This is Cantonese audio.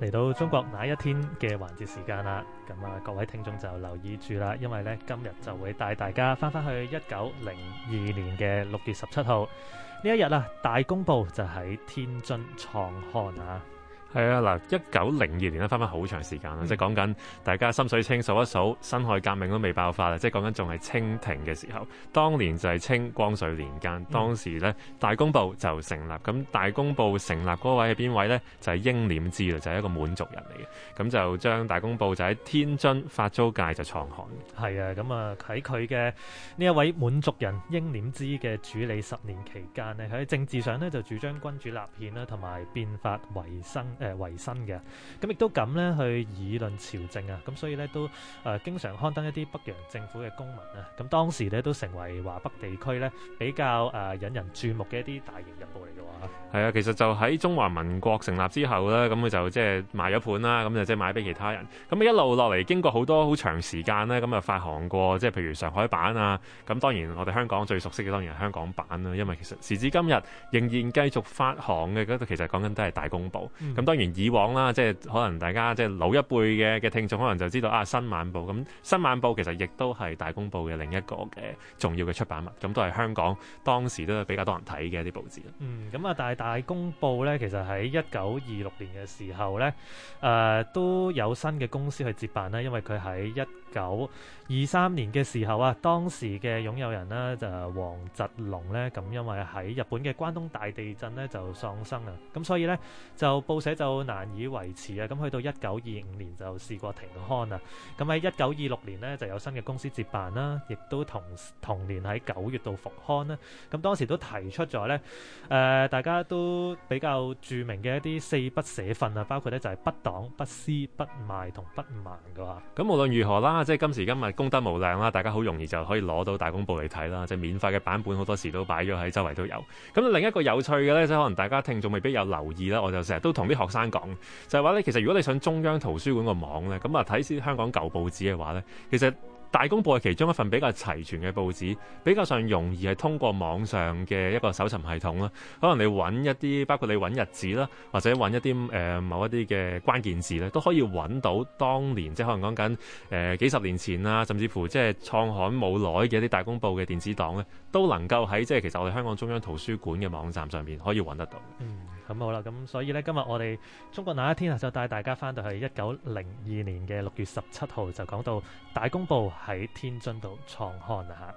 嚟到中國那一天嘅環節時間啦，咁啊各位聽眾就留意住啦，因為呢今日就會帶大家翻返去一九零二年嘅六月十七號呢一日啊，大公報就喺天津創刊啊！係啊，嗱，一九零二年咧，翻翻好長時間啦，嗯、即係講緊大家心水清數一數，辛亥革命都未爆發啦，即係講緊仲係清廷嘅時候。當年就係清光緒年間，嗯、當時咧大公報就成立，咁大公報成立嗰位係邊位呢？就係、是、英斂之就係、是、一個滿族人嚟嘅。咁就將大公報就喺天津法租界就創刊。係啊，咁啊喺佢嘅呢一位滿族人英斂之嘅處理十年期間咧，喺政治上呢，就主張君主立憲啦，同埋變法維新。誒維新嘅，咁亦都咁咧去議論朝政啊，咁所以咧都誒經常刊登一啲北洋政府嘅公文啊，咁當時咧都成為華北地區咧比較誒引人注目嘅一啲大型日報嚟。係啊，其實就喺中華民國成立之後咧，咁佢就即係賣咗盤啦，咁就即係賣俾其他人。咁一路落嚟，經過好多好長時間呢，咁啊發行過，即係譬如上海版啊。咁當然，我哋香港最熟悉嘅當然係香港版啦，因為其實時至今日仍然繼續發行嘅度，其實講緊都係大公報。咁、嗯、當然以往啦，即係可能大家即係老一輩嘅嘅聽眾，可能就知道啊新晚報。咁新晚報其實亦都係大公報嘅另一個嘅重要嘅出版物。咁都係香港當時都比較多人睇嘅一啲報紙。嗯，咁。咁啊，大大公報咧，其實喺一九二六年嘅時候咧，誒都有新嘅公司去接辦啦。因為佢喺一九二三年嘅時候啊，當時嘅擁有人咧就王郅隆咧，咁因為喺日本嘅關東大地震咧就喪生啦，咁所以咧就報社就難以維持啊。咁去到一九二五年就試過停刊啦。咁喺一九二六年咧就有新嘅公司接辦啦，亦都同同年喺九月度復刊啦。咁當時都提出咗咧，誒。大家都比較著名嘅一啲四不寫份啊，包括咧就係不黨、不私、不賣同不盲嘅話。咁無論如何啦，即係今時今日功德無量啦，大家好容易就可以攞到大公報嚟睇啦，即係免費嘅版本好多時都擺咗喺周圍都有。咁另一個有趣嘅呢，即可能大家聽眾未必有留意啦，我就成日都同啲學生講就係話呢，其實如果你想中央圖書館個網呢，咁啊睇先香港舊報紙嘅話呢，其實。大公報係其中一份比較齊全嘅報紙，比較上容易係通過網上嘅一個搜尋系統啦。可能你揾一啲，包括你揾日子啦，或者揾一啲、呃、某一啲嘅關鍵字咧，都可以揾到當年，即係可能講緊、呃、幾十年前啦，甚至乎即係創刊冇耐嘅一啲大公報嘅電子檔咧，都能夠喺即係其實我哋香港中央圖書館嘅網站上面可以揾得到。咁好啦，咁所以咧，今日我哋中國那一天啊，就帶大家翻到去一九零二年嘅六月十七號，就講到大公報喺天津度創刊啊！